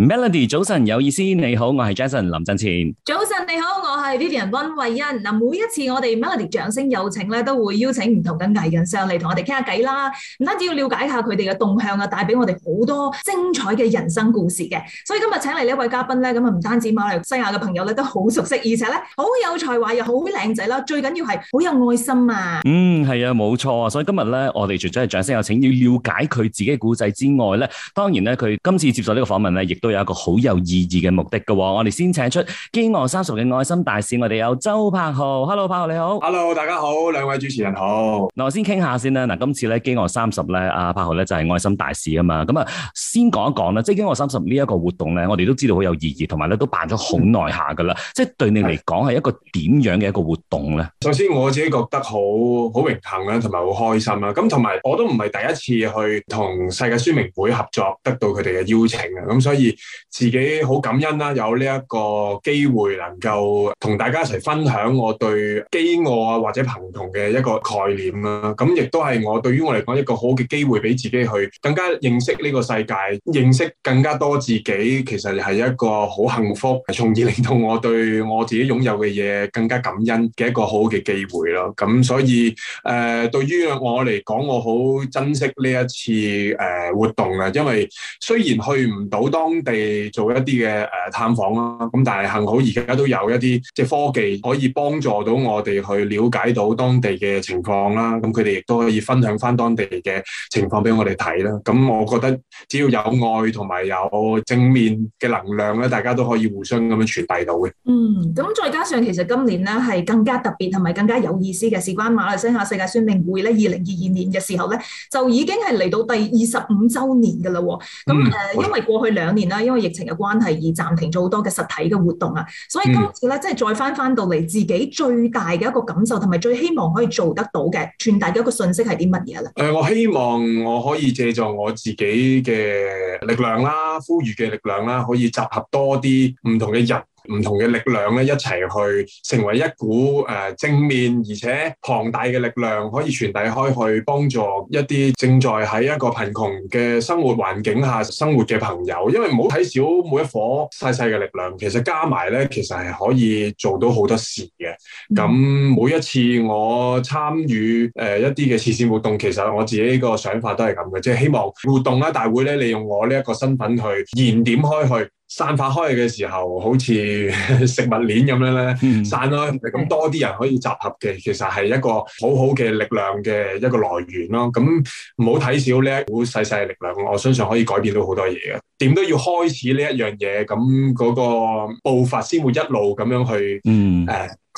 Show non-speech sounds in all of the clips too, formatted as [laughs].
Melody，早晨有意思，你好，我係 Jason 林振前。早晨你好，我係 Vivian 溫慧欣。嗱，每一次我哋 Melody 掌聲有請咧，都會邀請唔同嘅藝人上嚟同我哋傾下偈啦。唔單止要了解下佢哋嘅動向啊，帶俾我哋好多精彩嘅人生故事嘅。所以今日請嚟呢一位嘉賓咧，咁啊唔單止馬來西亞嘅朋友咧都好熟悉，而且咧好有才華又好靚仔啦，最緊要係好有愛心啊。嗯，係啊，冇錯啊。所以今日咧，我哋除咗係掌聲有請，要了解佢自己嘅故仔之外咧，當然咧佢今次接受呢個訪問咧，亦都有一個好有意義嘅目的嘅。哦，我哋先請出饑餓三十嘅愛心大使，我哋有周柏豪。Hello，柏豪你好。Hello，大家好，兩位主持人好。嗱、嗯，我先傾下先啦。嗱，今次咧饑餓三十咧，阿柏豪咧就係愛心大使啊嘛。咁啊，先講一講啦。即係饑餓三十呢一個活動咧，我哋都知道好有意義，同埋咧都辦咗好耐下嘅啦。即係對你嚟講係一個點樣嘅一個活動咧？首先我自己覺得好好榮幸啦，同埋好開心啦。咁同埋我都唔係第一次去同世界宣明會合作，得到佢哋嘅邀請啊。咁所以自己好感恩啦，有呢一個機會能夠同大家一齊分享我對飢餓或者貧窮嘅一個概念啦。咁亦都係我對於我嚟講一個好嘅機會，俾自己去更加認識呢個世界，認識更加多自己。其實係一個好幸福，從而令到我對我自己擁有嘅嘢更加感恩嘅一個好嘅機會咯。咁所以誒，對於我嚟講，我好珍惜呢一次誒活動啊。因為雖然去唔到當地。係做一啲嘅誒探訪啦，咁但係幸好而家都有一啲即係科技可以幫助到我哋去了解到當地嘅情況啦。咁佢哋亦都可以分享翻當地嘅情況俾我哋睇啦。咁我覺得只要有愛同埋有正面嘅能量咧，大家都可以互相咁樣傳遞到嘅。嗯，咁再加上其實今年咧係更加特別同埋更加有意思嘅，事關馬來西亞世界宣明會咧，二零二二年嘅時候咧，就已經係嚟到第二十五週年噶啦。咁、嗯、誒，因為過去兩年咧。因為疫情嘅關係而暫停咗好多嘅實體嘅活動啊，所以今次咧即係再翻翻到嚟自己最大嘅一個感受同埋最希望可以做得到嘅傳達嘅一個訊息係啲乜嘢咧？誒、呃，我希望我可以借助我自己嘅力量啦，呼籲嘅力量啦，可以集合多啲唔同嘅人，唔同嘅力量咧，一齊去成為一股誒正面而且龐大嘅力量，可以傳遞開去幫助一啲正在喺一個貧窮嘅生活環境下生活嘅朋友。因為唔好睇小每一顆細細嘅力量，其實加埋咧，其實係可以做到好多事嘅。咁每一次我參與誒一啲嘅慈善活動，其實我自己個想法都係咁嘅，即係希望活動咧大會咧利用我呢一個身份去燃點開去。散發開嘅時候，好似食物鏈咁樣咧、嗯，散咯。咁多啲人可以集合嘅，其實係一個好好嘅力量嘅一個來源咯。咁唔好睇少呢一股細細嘅力量，我相信可以改變到好多嘢嘅。點都要開始呢一樣嘢，咁嗰個步伐先會一路咁樣去，誒、嗯，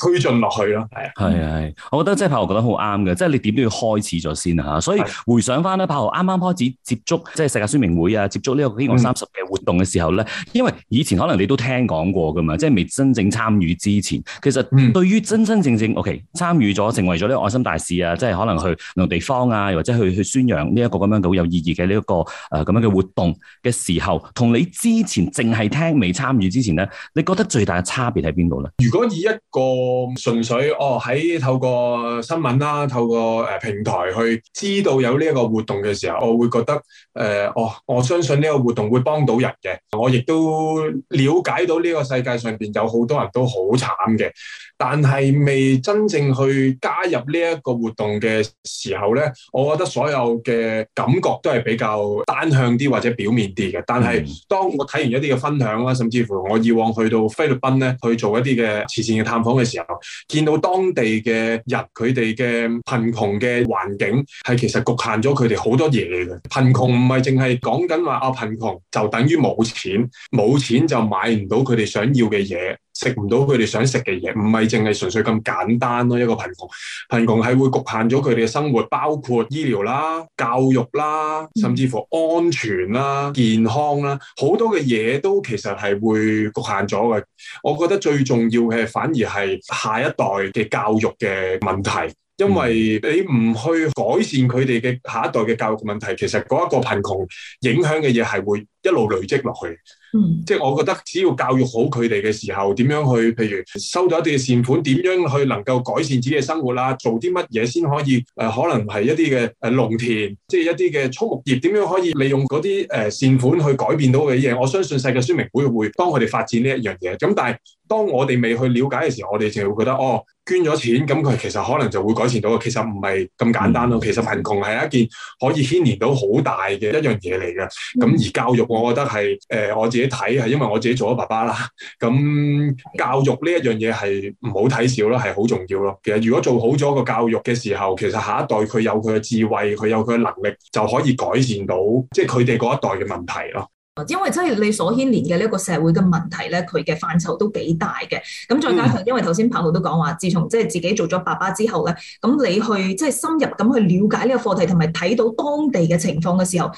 推進落去咯，係啊，係啊，係、嗯，我覺得即係柏豪覺得好啱嘅，即係你點都要開始咗先啊，所以回想翻咧，柏豪啱啱開始接觸即係世界宣明會啊，接觸呢個希望三十嘅活動嘅時候咧，因為以前可能你都聽講過噶嘛，即係未真正參與之前，其實對於真真正正、嗯、OK 參與咗，成為咗呢個愛心大使啊，即係可能去唔同地方啊，或者去去宣揚呢一個咁樣好有意義嘅呢一個誒咁、呃、樣嘅活動嘅時候，同你之前淨係聽未參與之前咧，你覺得最大嘅差別喺邊度咧？如果以一個我純粹哦喺透過新聞啦，透過平台去知道有呢一個活動嘅時候，我會覺得我、呃哦、我相信呢個活動會幫到人嘅。我亦都了解到呢個世界上邊有好多人都好慘嘅，但係未真正去加入呢一個活動嘅時候咧，我覺得所有嘅感覺都係比較單向啲或者表面啲嘅。但係當我睇完一啲嘅分享啦，甚至乎我以往去到菲律賓咧去做一啲嘅慈善嘅探訪嘅時候，見到當地嘅人，佢哋嘅貧窮嘅環境係其實局限咗佢哋好多嘢嘅。貧窮唔係淨係講緊話啊，貧窮就等於冇錢，冇錢就買唔到佢哋想要嘅嘢。食唔到佢哋想食嘅嘢，唔係淨係純粹咁簡單咯。一個貧窮，貧窮係會局限咗佢哋嘅生活，包括醫療啦、教育啦，甚至乎安全啦、健康啦，好多嘅嘢都其實係會局限咗嘅。我覺得最重要嘅反而係下一代嘅教育嘅問題，因為你唔去改善佢哋嘅下一代嘅教育問題，其實嗰一個貧窮影響嘅嘢係會。一路累積落去，嗯、即係我覺得只要教育好佢哋嘅時候，點樣去，譬如收到一啲善款，點樣去能夠改善自己嘅生活啦，做啲乜嘢先可以誒、呃，可能係一啲嘅誒農田，即、就、係、是、一啲嘅畜牧業，點樣可以利用嗰啲誒善款去改變到嘅嘢？我相信世界宣明會會幫佢哋發展呢一樣嘢。咁但係當我哋未去了解嘅時候，我哋就會覺得哦，捐咗錢咁佢其實可能就會改善到。其實唔係咁簡單咯、嗯。其實貧窮係一件可以牽連到好大嘅一樣嘢嚟嘅。咁而教育。我覺得係誒、呃、我自己睇係因為我自己做咗爸爸啦，咁教育呢一樣嘢係唔好睇小啦，係好重要咯。其實如果做好咗個教育嘅時候，其實下一代佢有佢嘅智慧，佢有佢嘅能力，就可以改善到即係佢哋嗰一代嘅問題咯。因為即係你所牽連嘅呢一個社會嘅問題咧，佢嘅範疇都幾大嘅。咁再加上因為頭先彭浩都講話，自從即係自己做咗爸爸之後咧，咁你去即係、就是、深入咁去了解呢個課題同埋睇到當地嘅情況嘅時候，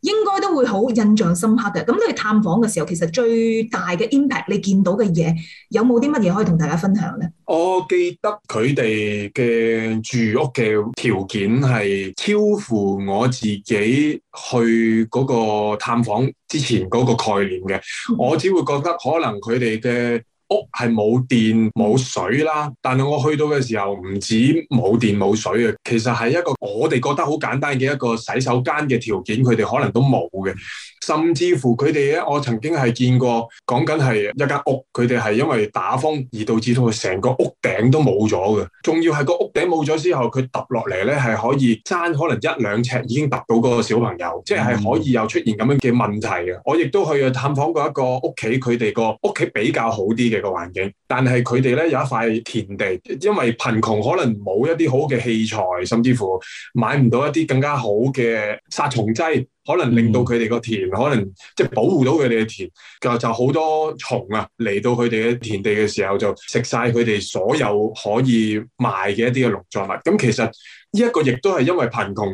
應該都會好印象深刻嘅。咁你去探訪嘅時候，其實最大嘅 impact，你見到嘅嘢有冇啲乜嘢可以同大家分享呢？我記得佢哋嘅住屋嘅條件係超乎我自己去嗰個探訪之前嗰個概念嘅。我只會覺得可能佢哋嘅。屋係冇電冇水啦，但係我去到嘅時候，唔止冇電冇水嘅，其實係一個我哋覺得好簡單嘅一個洗手間嘅條件，佢哋可能都冇嘅。甚至乎佢哋咧，我曾經係見過，講緊係一間屋，佢哋係因為打風而導致到佢成個屋頂都冇咗嘅。仲要係個屋頂冇咗之後，佢揼落嚟咧，係可以爭可能一兩尺已經揼到嗰個小朋友，即係係可以有出現咁樣嘅問題嘅、嗯。我亦都去探訪過一個屋企，佢哋個屋企比較好啲嘅。個環境。但係佢哋咧有一塊田地，因為貧窮可能冇一啲好嘅器材，甚至乎買唔到一啲更加好嘅殺蟲劑，可能令到佢哋個田、嗯、可能即係保護到佢哋嘅田，就就好多蟲啊嚟到佢哋嘅田地嘅時候就食晒佢哋所有可以賣嘅一啲嘅農作物。咁其實呢一個亦都係因為貧窮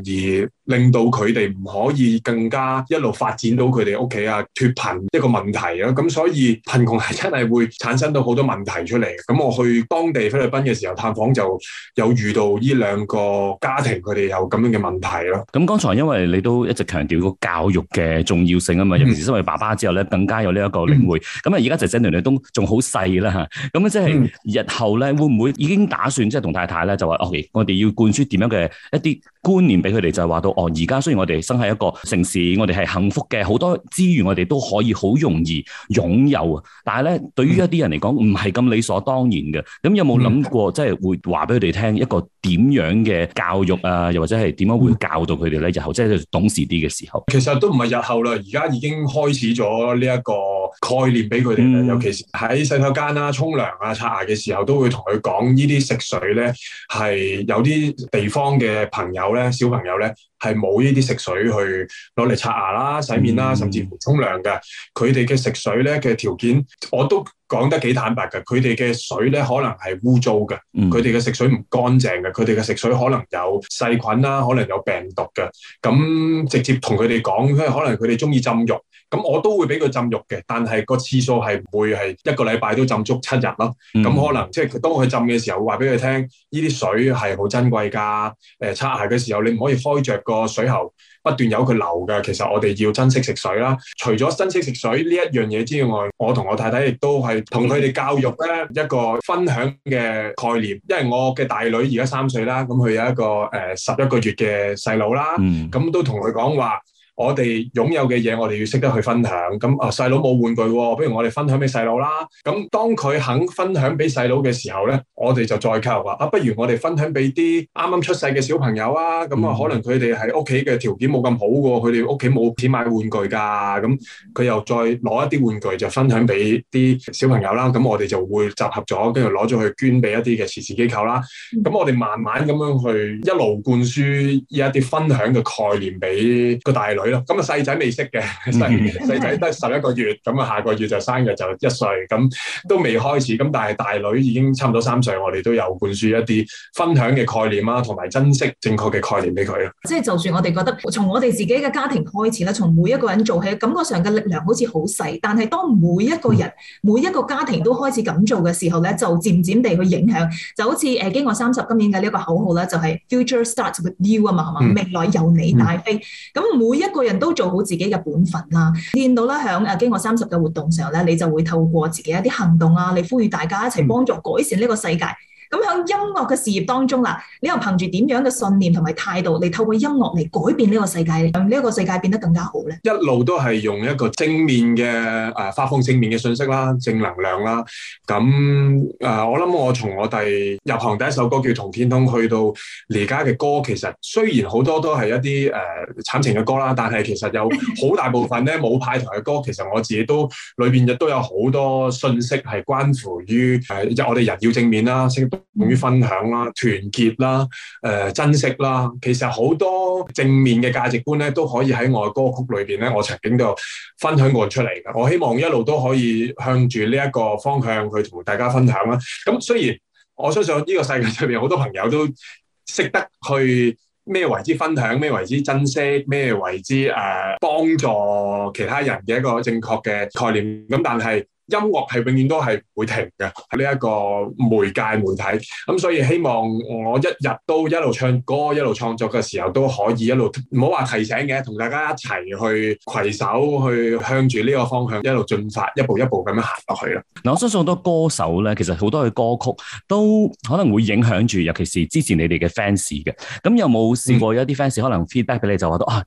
而令到佢哋唔可以更加一路發展到佢哋屋企啊脫貧一個問題啊。咁所以貧窮係真係會產生到好多問題。提出嚟咁，我去當地菲律賓嘅時候探訪，就有遇到呢兩個家庭，佢哋有咁樣嘅問題咯。咁剛才因為你都一直強調個教育嘅重要性啊嘛、嗯，尤其是身為爸爸之後咧，更加有呢一個領會。咁、嗯、啊，而家仔仔娘娘都仲好細啦嚇，咁即係日後咧、嗯、會唔會已經打算即係同太太咧就話，哦，我哋要灌輸點樣嘅一啲觀念俾佢哋，就係話到，哦，而家雖然我哋生喺一個城市，我哋係幸福嘅，好多資源我哋都可以好容易擁有，但係咧對於一啲人嚟講唔係。嗯咁理所當然嘅，咁有冇諗過、嗯、即係會話俾佢哋聽一個點樣嘅教育啊？又或者係點樣會教導佢哋咧？日後即係懂事啲嘅時候，其實都唔係日後啦，而家已經開始咗呢一個概念俾佢哋啦。尤其是喺洗手間啊、沖涼啊、刷、啊、牙嘅時候，都會同佢講呢啲食水咧係有啲地方嘅朋友咧，小朋友咧。係冇呢啲食水去攞嚟刷牙啦、洗面啦，嗯、甚至乎沖涼嘅。佢哋嘅食水咧嘅條件，我都講得幾坦白嘅。佢哋嘅水咧可能係污糟嘅，佢哋嘅食水唔乾淨嘅，佢哋嘅食水可能有細菌啦，可能有病毒嘅。咁直接同佢哋講，因為可能佢哋中意浸浴。咁我都會俾佢浸浴嘅，但係個次數係唔會係一個禮拜都浸足七日咯。咁、嗯、可能即係、就是、當佢浸嘅時候，話俾佢聽，呢啲水係好珍貴㗎。誒、呃，擦鞋嘅時候你唔可以開着個水喉不斷有佢流㗎。其實我哋要珍惜食水啦。除咗珍惜食水呢一樣嘢之外，我同我太太亦都係同佢哋教育咧一個分享嘅概念、嗯。因為我嘅大女而家三歲啦，咁佢有一個十一、呃、個月嘅細佬啦，咁、嗯、都同佢講話。我哋擁有嘅嘢，我哋要識得去分享。咁啊，細佬冇玩具喎、哦，不如我哋分享俾細佬啦。咁當佢肯分享俾細佬嘅時候咧，我哋就再交流話啊，不如我哋分享俾啲啱啱出世嘅小朋友啊。咁啊，可能佢哋喺屋企嘅條件冇咁好喎，佢哋屋企冇錢買玩具㗎。咁佢又再攞一啲玩具就分享俾啲小朋友啦。咁我哋就會集合咗，跟住攞咗去捐俾一啲嘅慈善機構啦。咁我哋慢慢咁樣去一路灌輸呢一啲分享嘅概念俾個大佬。咁啊，細仔未識嘅，細細仔得十一個月，咁啊下個月就生日就一歲，咁都未開始。咁但係大女已經差唔多三歲，我哋都有灌輸一啲分享嘅概念啦，同埋珍惜正確嘅概念俾佢。即係就算我哋覺得從我哋自己嘅家庭開始咧，從每一個人做起，感覺上嘅力量好似好細。但係當每一個人、嗯、每一個家庭都開始咁做嘅時候咧，就漸漸地去影響，就好似誒《饑饉三十》今年嘅呢一個口號咧，就係 Future Starts With You 啊嘛，係、嗯、嘛？未來由你帶飛。咁、嗯、每一個個人都做好自己嘅本分啦，見到啦，喺啊，經過三十嘅活動時候咧，你就會透過自己的一啲行動啊，嚟呼籲大家一齊幫助改善呢個世界。嗯。咁喺音樂嘅事業當中啦，你又憑住點樣嘅信念同埋態度嚟透過音樂嚟改變呢個世界，讓呢一個世界變得更加好咧？一路都係用一個正面嘅誒、呃，發放正面嘅信息啦，正能量啦。咁、呃、我諗我從我哋入行第一首歌叫《同天通》去到而家嘅歌，其實雖然好多都係一啲誒、呃、慘情嘅歌啦，但係其實有好大部分咧冇 [laughs] 派台嘅歌，其實我自己都裏面亦都有好多信息係關乎於、呃、我哋人要正面啦，關於分享啦、團結啦、誒、呃、珍惜啦，其實好多正面嘅價值觀咧，都可以喺我嘅歌曲裏邊咧，我曾經都分享過出嚟嘅。我希望一路都可以向住呢一個方向去同大家分享啦。咁雖然我相信呢個世界上面好多朋友都識得去咩為之分享、咩為之珍惜、咩為之誒、啊、幫助其他人嘅一個正確嘅概念，咁但係。音樂係永遠都係唔會停嘅呢一個媒介媒體，咁所以希望我一日都一路唱歌，一路創作嘅時候都可以一路唔好話提醒嘅，同大家一齊去攜手去向住呢個方向一路進發，一步一步咁樣行落去咯。嗱，我相信好多歌手咧，其實好多嘅歌曲都可能會影響住，尤其是之前你哋嘅 fans 嘅，咁有冇試過有一啲 fans 可能 feedback 俾你就說，就覺得：「啊，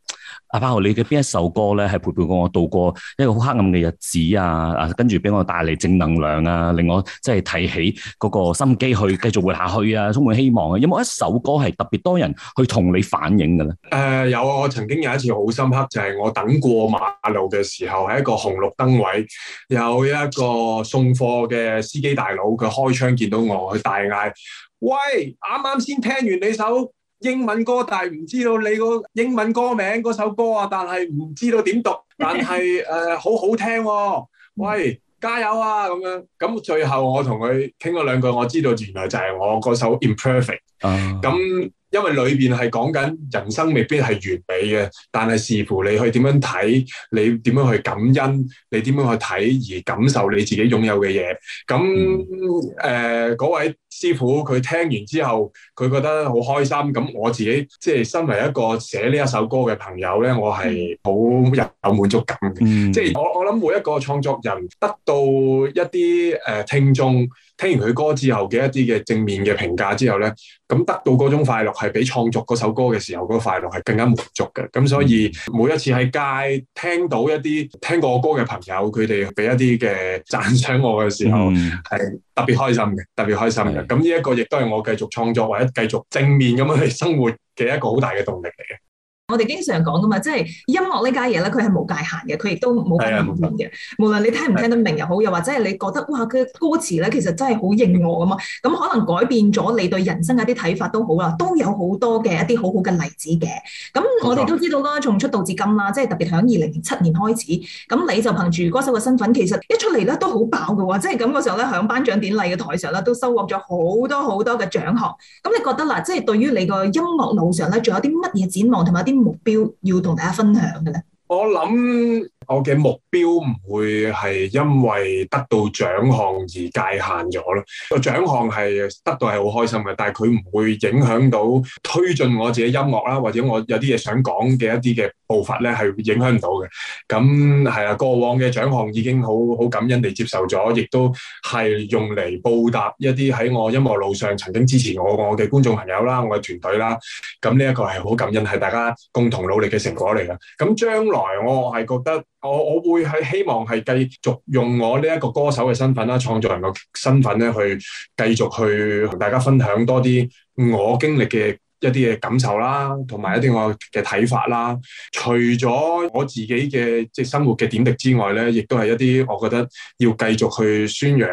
阿柏豪你嘅邊一首歌咧係陪伴過我度過一個好黑暗嘅日子啊，啊跟住。令我帶嚟正能量啊！令我即係提起嗰個心機去繼續活下去啊！充滿希望啊！有冇一首歌係特別多人去同你反映嘅咧？誒、呃，有啊！我曾經有一次好深刻，就係、是、我等過馬路嘅時候，喺一個紅綠燈位，有一個送貨嘅司機大佬，佢開窗見到我，佢大嗌：，喂！啱啱先聽完你首英文歌，但係唔知道你個英文歌名嗰首歌啊，但係唔知道點讀，但係誒、呃、好好聽、哦，喂！ [laughs] 加油啊！咁樣。咁最後我同佢傾咗兩句，我知道原來就係我嗰首《Imperfect》uh。咁。因為裏邊係講緊人生未必係完美嘅，但係視乎你去點樣睇，你點樣去感恩，你點樣去睇而感受你自己擁有嘅嘢。咁誒、嗰、嗯呃、位師傅佢聽完之後，佢覺得好開心。咁我自己即係身為一個寫呢一首歌嘅朋友咧，我係好有滿足感嘅，嗯。即係我我諗每一個創作人得到一啲誒、呃、聽眾。聽完佢歌之後嘅一啲嘅正面嘅評價之後咧，咁得到嗰種快樂係比創作嗰首歌嘅時候嗰個快樂係更加滿足嘅，咁所以每一次喺街聽到一啲聽過我歌嘅朋友，佢哋俾一啲嘅讚賞我嘅時候，係、嗯、特別開心嘅，特別開心嘅。咁呢一個亦都係我繼續創作或者繼續正面咁樣去生活嘅一個好大嘅動力嚟嘅。我哋經常講噶嘛，即係音樂呢家嘢咧，佢係冇界限嘅，佢亦都冇界限嘅。無論你聽唔聽得明又好，又或者係你覺得哇，佢歌詞咧，其實真係好認我㗎嘛。咁、嗯、可能改變咗你對人生嘅一啲睇法都好啊，都有好多嘅一啲好好嘅例子嘅。咁我哋都知道啦，從出道至今啦，即係特別響二零零七年開始，咁你就憑住歌手嘅身份，其實一出嚟咧都好爆嘅喎，即係咁嘅時候咧，響頒獎典禮嘅台上咧，都收穫咗好多好多嘅獎項。咁你覺得嗱，即係對於你個音樂路上咧，仲有啲乜嘢展望同埋啲？目標要同大家分享嘅咧，我諗。我嘅目標唔會係因為得到獎項而界限咗咯。個獎項係得到係好開心嘅，但係佢唔會影響到推進我自己音樂啦，或者我有啲嘢想講嘅一啲嘅步伐咧，係影響唔到嘅。咁係啊，過往嘅獎項已經好好感恩地接受咗，亦都係用嚟報答一啲喺我音樂路上曾經支持我我嘅觀眾朋友啦，我嘅團隊啦。咁呢一個係好感恩，係大家共同努力嘅成果嚟嘅。咁將來我係覺得。我我會係希望係繼續用我呢一個歌手嘅身份啦，創作人嘅身份咧，去繼續去同大家分享多啲我經歷嘅。一啲嘅感受啦，同埋一啲我嘅睇法啦。除咗我自己嘅即係生活嘅點滴之外咧，亦都係一啲我覺得要繼續去宣揚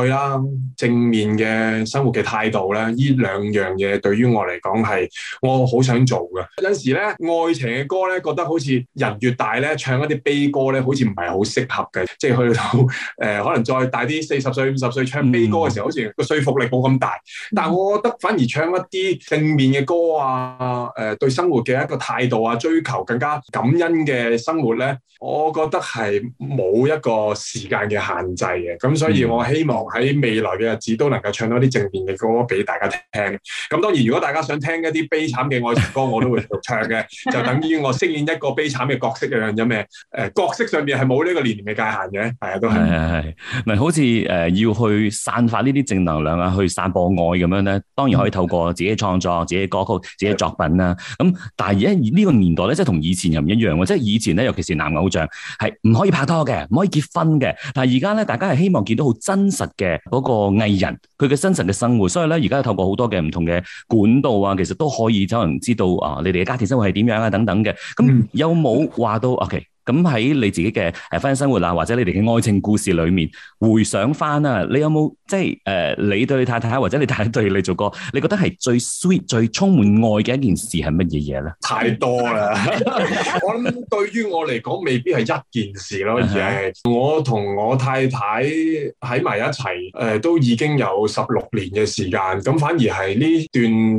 愛啦、正面嘅生活嘅態度咧。呢兩樣嘢對於我嚟講，係我好想做嘅。有陣時咧，愛情嘅歌咧，覺得好似人越大咧，唱一啲悲歌咧，好似唔係好適合嘅。即係去到誒，可能再大啲，四十歲五十歲唱悲歌嘅時候，嗯、好似個說服力冇咁大。但係我覺得反而唱一啲正面。嘅歌啊，誒、呃、對生活嘅一個態度啊，追求更加感恩嘅生活咧，我覺得係冇一個時間嘅限制嘅，咁所以我希望喺未來嘅日子都能夠唱多啲正面嘅歌俾大家聽。咁當然，如果大家想聽一啲悲慘嘅愛情歌，我都會唱嘅， [laughs] 就等於我飾演一個悲慘嘅角色一樣，有咩？誒角色上面係冇呢個年齡嘅界限嘅，係啊，都係。咪好似誒、呃、要去散發呢啲正能量啊，去散播愛咁樣咧，當然可以透過自己創作。嗯自己歌曲、自己作品啦，咁但係而家呢個年代咧，即係同以前又唔一樣喎。即係以前咧，尤其是男偶像，係唔可以拍拖嘅，唔可以結婚嘅。但係而家咧，大家係希望見到好真實嘅嗰個藝人佢嘅真實嘅生活，所以咧而家透過好多嘅唔同嘅管道啊，其實都可以就能知道啊，你哋嘅家庭生活係點樣啊等等嘅。咁有冇話到、嗯、？OK。咁喺你自己嘅誒婚姻生活啊，或者你哋嘅愛情故事裏面，回想翻啊，你有冇即係、呃、你對你太太，或者你太太對你做過，你覺得係最 sweet、最充滿愛嘅一件事係乜嘢嘢咧？太多啦！ [laughs] 我諗對於我嚟講，未必係一件事咯， [laughs] 而係我同我太太喺埋一齊、呃、都已經有十六年嘅時間。咁反而係呢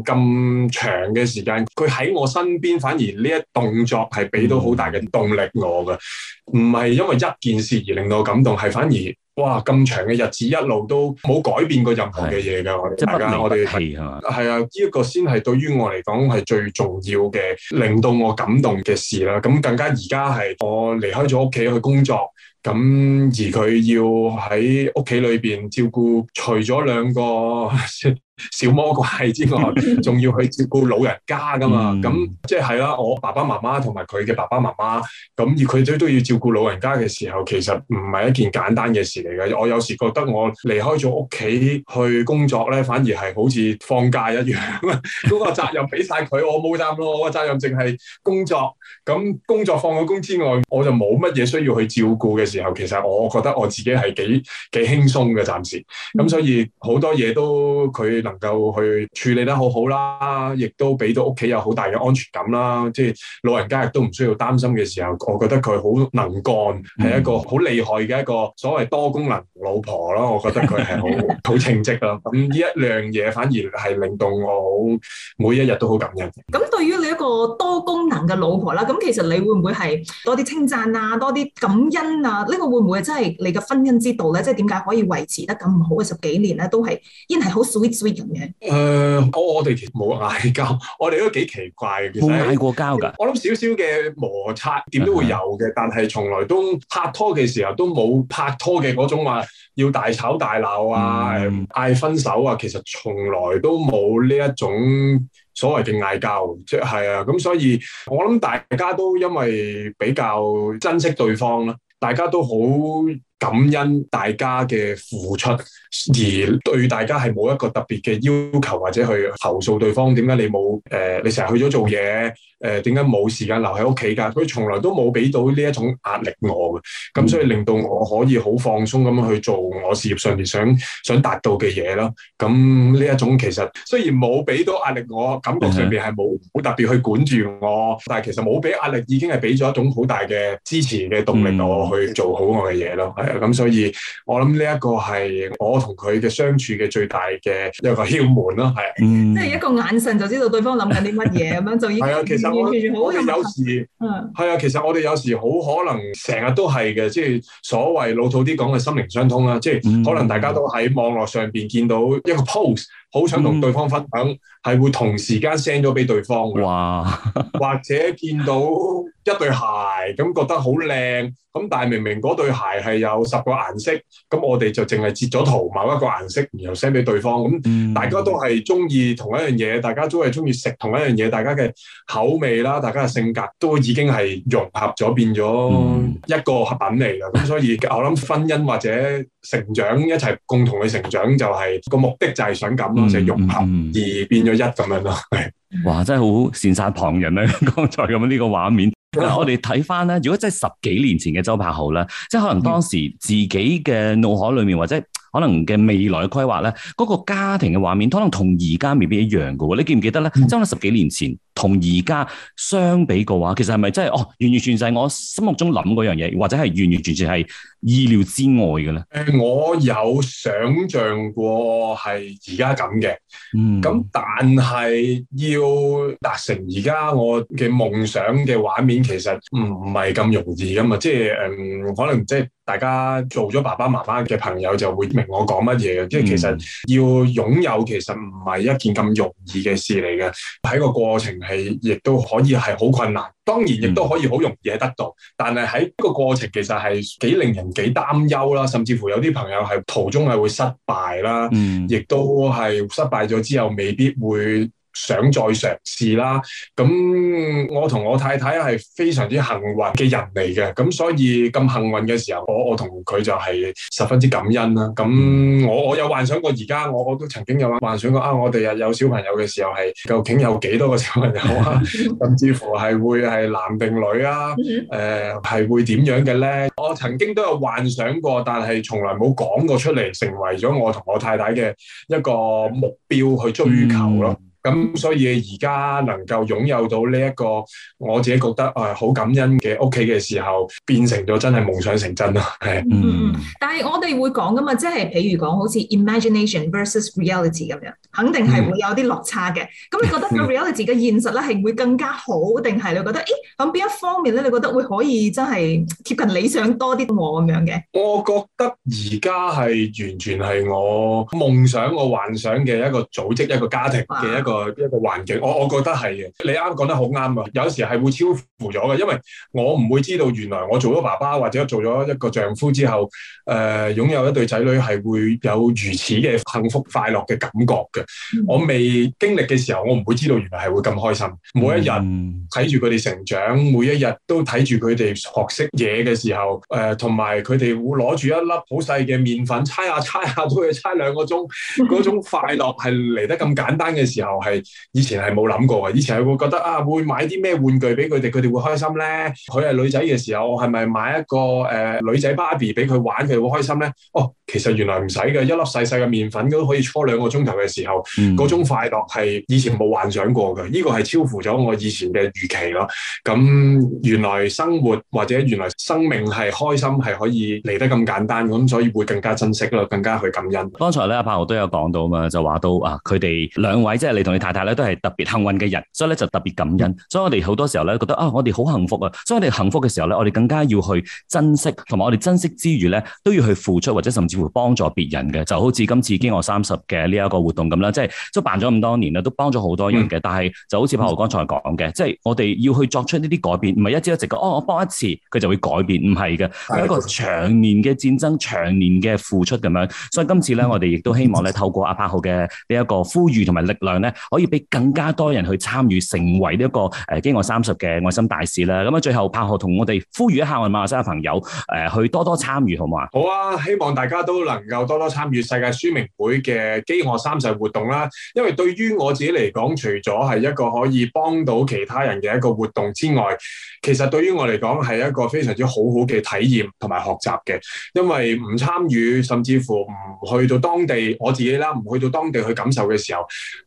段咁長嘅時間，佢喺我身邊，反而呢一動作係俾到好大嘅動力我。嗯我嘅，唔係因為一件事而令到我感動，係反而哇咁長嘅日子一路都冇改變過任何嘅嘢嘅，我哋、啊、大家我哋係啊，呢、這、一個先係對於我嚟講係最重要嘅，令到我感動嘅事啦。咁更加而家係我離開咗屋企去工作。咁而佢要喺屋企裏邊照顧除咗兩個小魔怪之外，仲 [laughs] 要去照顧老人家噶嘛，咁即係啦，我爸爸媽媽同埋佢嘅爸爸媽媽，咁而佢哋都要照顧老人家嘅時候，其實唔係一件簡單嘅事嚟嘅。我有時覺得我離開咗屋企去工作咧，反而係好似放假一樣，嗰 [laughs] 個責任俾晒佢，我冇擔咯，我個責任淨係工作。咁工作放咗工之外，我就冇乜嘢需要去照顧嘅。時候，其實我覺得我自己係幾幾輕鬆嘅，暫時，咁所以好多嘢都佢能夠去處理得好好啦，亦都俾到屋企有好大嘅安全感啦，即係老人家亦都唔需要擔心嘅時候，我覺得佢好能幹，係一個好厲害嘅一個所謂多功能老婆咯，我覺得佢係好好稱職啦。咁 [laughs] 呢一樣嘢反而係令到我好每一日都好感恩。咁對於你一個多功能嘅老婆啦，咁其實你會唔會係多啲稱讚啊，多啲感恩啊？呢、這個會唔會真係你嘅婚姻之道咧？即係點解可以維持得咁好嘅十幾年咧？都係依然係好 sweet sweet 咁樣。誒、呃，我我哋冇嗌交，我哋都幾奇怪嘅。冇嗌過交㗎。我諗少少嘅摩擦點都會有嘅，uh-huh. 但係從來都拍拖嘅時候都冇拍拖嘅嗰種話、啊、要大吵大鬧啊、嗌、mm-hmm. 分手啊。其實從來都冇呢一種所謂嘅嗌交，即、就、係、是、啊。咁所以我諗大家都因為比較珍惜對方啦、啊。大家都好。感恩大家嘅付出，而對大家係冇一個特別嘅要求，或者去投訴對方。點解你冇？誒、呃，你成日去咗做嘢，誒、呃，點解冇時間留喺屋企噶？佢從來都冇俾到呢一種壓力我嘅，咁所以令到我可以好放鬆咁樣去做我事業上面想想達到嘅嘢咯。咁呢一種其實雖然冇俾到壓力我，感覺上面係冇好特別去管住我，但係其實冇俾壓力已經係俾咗一種好大嘅支持嘅動力我去做好我嘅嘢咯。咁所以，我諗呢一個係我同佢嘅相處嘅最大嘅一個竅門咯，係、嗯，即係一個眼神就知道對方諗緊啲乜嘢咁樣， [laughs] 就已經係啊。其實我、嗯、我哋有時，嗯，係啊。其實我哋有時好可能成日都係嘅，即係所謂老土啲講嘅心靈相通啦。即係可能大家都喺網絡上邊見到一個 post 好想同對方分享，係、嗯、會同時間 send 咗俾對方。哇！或者見到一對鞋咁 [laughs] 覺得好靚，咁但係明明嗰對鞋係有十個顏色，咁我哋就淨係截咗圖某一個顏色，然後 send 俾對方。咁大家都係中意同一樣嘢，大家都係中意食同一樣嘢，大家嘅口味啦，大家嘅性格都已經係融合咗，變咗一個品嚟啦。咁所以我諗婚姻或者成長，一齊共同去成長，就係，就係個目的就係想咁。即係融合而變咗一咁樣咯，哇！真係好羨煞旁人啊！剛才咁樣呢個畫面，我哋睇翻咧，如果真係十幾年前嘅周柏豪咧，即係可能當時自己嘅腦海裏面或者可能嘅未來嘅規劃咧，嗰個家庭嘅畫面，可能同而家未必一樣噶。你記唔記得咧？嗯、真係十幾年前。同而家相比嘅話，其實係咪真係哦，完完全全係我心目中諗嗰樣嘢，或者係完完全全係意料之外嘅咧？誒，我有想象過係而家咁嘅，嗯，咁但係要達成而家我嘅夢想嘅畫面，其實唔唔係咁容易噶嘛。即係誒、嗯、可能即係大家做咗爸爸媽媽嘅朋友就會明我講乜嘢嘅。即係其實要擁有，其實唔係一件咁容易嘅事嚟嘅，喺個過程中。係，亦都可以係好困難。當然，亦都可以好容易得到。嗯、但係喺呢個過程，其實係幾令人幾擔憂啦。甚至乎有啲朋友係途中係會失敗啦，亦都係失敗咗之後，未必會想再嘗試啦，咁我同我太太係非常之幸運嘅人嚟嘅，咁所以咁幸運嘅時候，我我同佢就係十分之感恩啦。咁我我有幻想過，而家我我都曾經有幻想過啊！我第日有小朋友嘅時候，係究竟有幾多個小朋友啊？甚至乎係會係男定女啊？係、 [laughs] 呃、會點樣嘅咧？我曾經都有幻想過，但係從來冇講過出嚟，成為咗我同我太太嘅一個目標去追求咯。嗯咁所以而家能夠擁有到呢、這、一個我自己覺得誒好感恩嘅屋企嘅時候，變成咗真係夢想成真啦，係嗯是嗯但係我哋會講噶嘛，即、就、係、是、譬如講好似 imagination versus reality 咁樣肯定係會有啲落差嘅。咁、嗯、你覺得個 reality 嘅現實咧，係會更加好定係 [laughs] 你覺得？誒咁邊一方面咧，你覺得會可以真係貼近理想多啲我咁樣嘅？我覺得而家係完全係我夢想、我幻想嘅一個組織一個家庭嘅一個。誒、這、一個環境，我我覺得係嘅。你啱講得好啱啊！有時係會超乎咗嘅，因為我唔會知道原來我做咗爸爸或者做咗一個丈夫之後，誒、呃、擁有一對仔女係會有如此嘅幸福快樂嘅感覺嘅、嗯。我未經歷嘅時候，我唔會知道原來係會咁開心。每一日睇住佢哋成長，每一日都睇住佢哋學識嘢嘅時候，誒同埋佢哋會攞住一粒好細嘅麵粉，猜下猜下都係猜兩個鐘，嗰種快樂係嚟得咁簡單嘅時候。係以前係冇諗過嘅，以前係會覺得啊，會買啲咩玩具俾佢哋，佢哋會開心咧。佢係女仔嘅時候，係咪買一個誒、呃、女仔芭比俾佢玩，佢哋會開心咧？哦。其實原來唔使嘅，一粒細細嘅麵粉，都可以搓兩個鐘頭嘅時候，嗰、嗯、種快樂係以前冇幻想過嘅。呢個係超乎咗我以前嘅預期咯。咁原來生活或者原來生命係開心係可以嚟得咁簡單，咁所以會更加珍惜咯，更加去感恩。剛才咧阿柏豪都有講到嘛，就話到啊，佢哋兩位即係、就是、你同你太太咧都係特別幸運嘅人，所以咧就特別感恩。所以我哋好多時候咧覺得啊，我哋好幸福啊。所以我哋幸福嘅時候咧，我哋更加要去珍惜，同埋我哋珍惜之餘咧都要去付出，或者甚至幫助別人嘅，就好似今次饑餓三十嘅呢一個活動咁啦，即係都辦咗咁多年啦，都幫咗好多人嘅、嗯。但係就好似柏豪剛才講嘅，即、嗯、係、就是、我哋要去作出呢啲改變，唔係一朝一直個一直哦，我幫一次佢就會改變，唔係嘅，係一個長年嘅戰爭，的長年嘅付出咁樣。所以今次咧、嗯，我哋亦都希望咧，透過阿柏豪嘅呢一個呼籲同埋力量咧，可以俾更加多人去參與，成為一、這個誒饑餓三十嘅愛心大使啦。咁、嗯、啊，最後柏豪同我哋呼籲一下我哋馬來西亞嘅朋友誒、呃，去多多參與，好唔好啊？好啊，希望大家。都能夠多多參與世界宣明會嘅饑餓三十活動啦，因為對於我自己嚟講，除咗係一個可以幫到其他人嘅一個活動之外，其實對於我嚟講係一個非常之好好嘅體驗同埋學習嘅，因為唔參與甚至乎唔去到當地我自己啦，唔去到當地去感受嘅時候。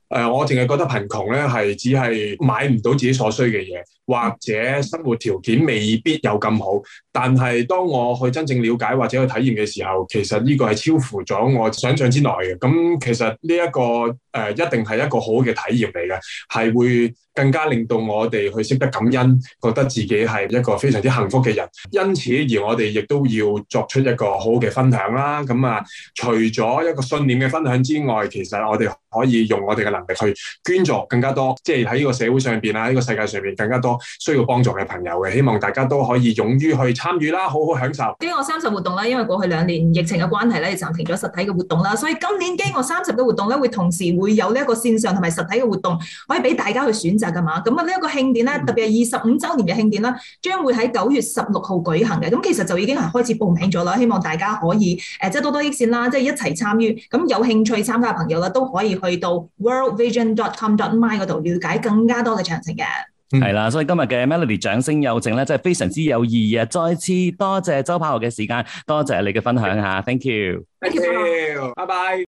誒、呃，我淨係覺得貧窮咧係只係買唔到自己所需嘅嘢，或者生活條件未必有咁好。但係當我去真正了解或者去體驗嘅時候，其實呢個係超乎咗我想象之內嘅。咁其實呢，這，一個誒、呃，一定係一個好嘅體驗嚟嘅，係會。更加令到我哋去識得感恩，覺得自己係一個非常之幸福嘅人。因此，而我哋亦都要作出一個好嘅分享啦。咁啊，除咗一個信念嘅分享之外，其實我哋可以用我哋嘅能力去捐助更加多，即係喺呢個社會上面，啊，呢個世界上面更加多需要幫助嘅朋友嘅。希望大家都可以勇於去參與啦，好好享受飢餓三十活動啦，因為過去兩年疫情嘅關係咧，暫停咗實體嘅活動啦，所以今年飢餓三十嘅活動咧，會同時會有呢一個線上同埋實體嘅活動，可以俾大家去選擇。噶嘛咁啊！呢一個慶典咧，特別係二十五周年嘅慶典啦，將會喺九月十六號舉行嘅。咁其實就已經係開始報名咗啦。希望大家可以誒，即、呃、係多多益善啦，即係一齊參與。咁、嗯、有興趣參加嘅朋友咧，都可以去到 worldvision.com.my 嗰度了解更加多嘅詳情嘅。係、嗯、啦， [noise] 所以今日嘅 Melody 掌聲有請咧，真係非常之有意義啊。再次多謝周柏豪嘅時間，多謝你嘅分享吓，Thank you，Thank you，拜拜。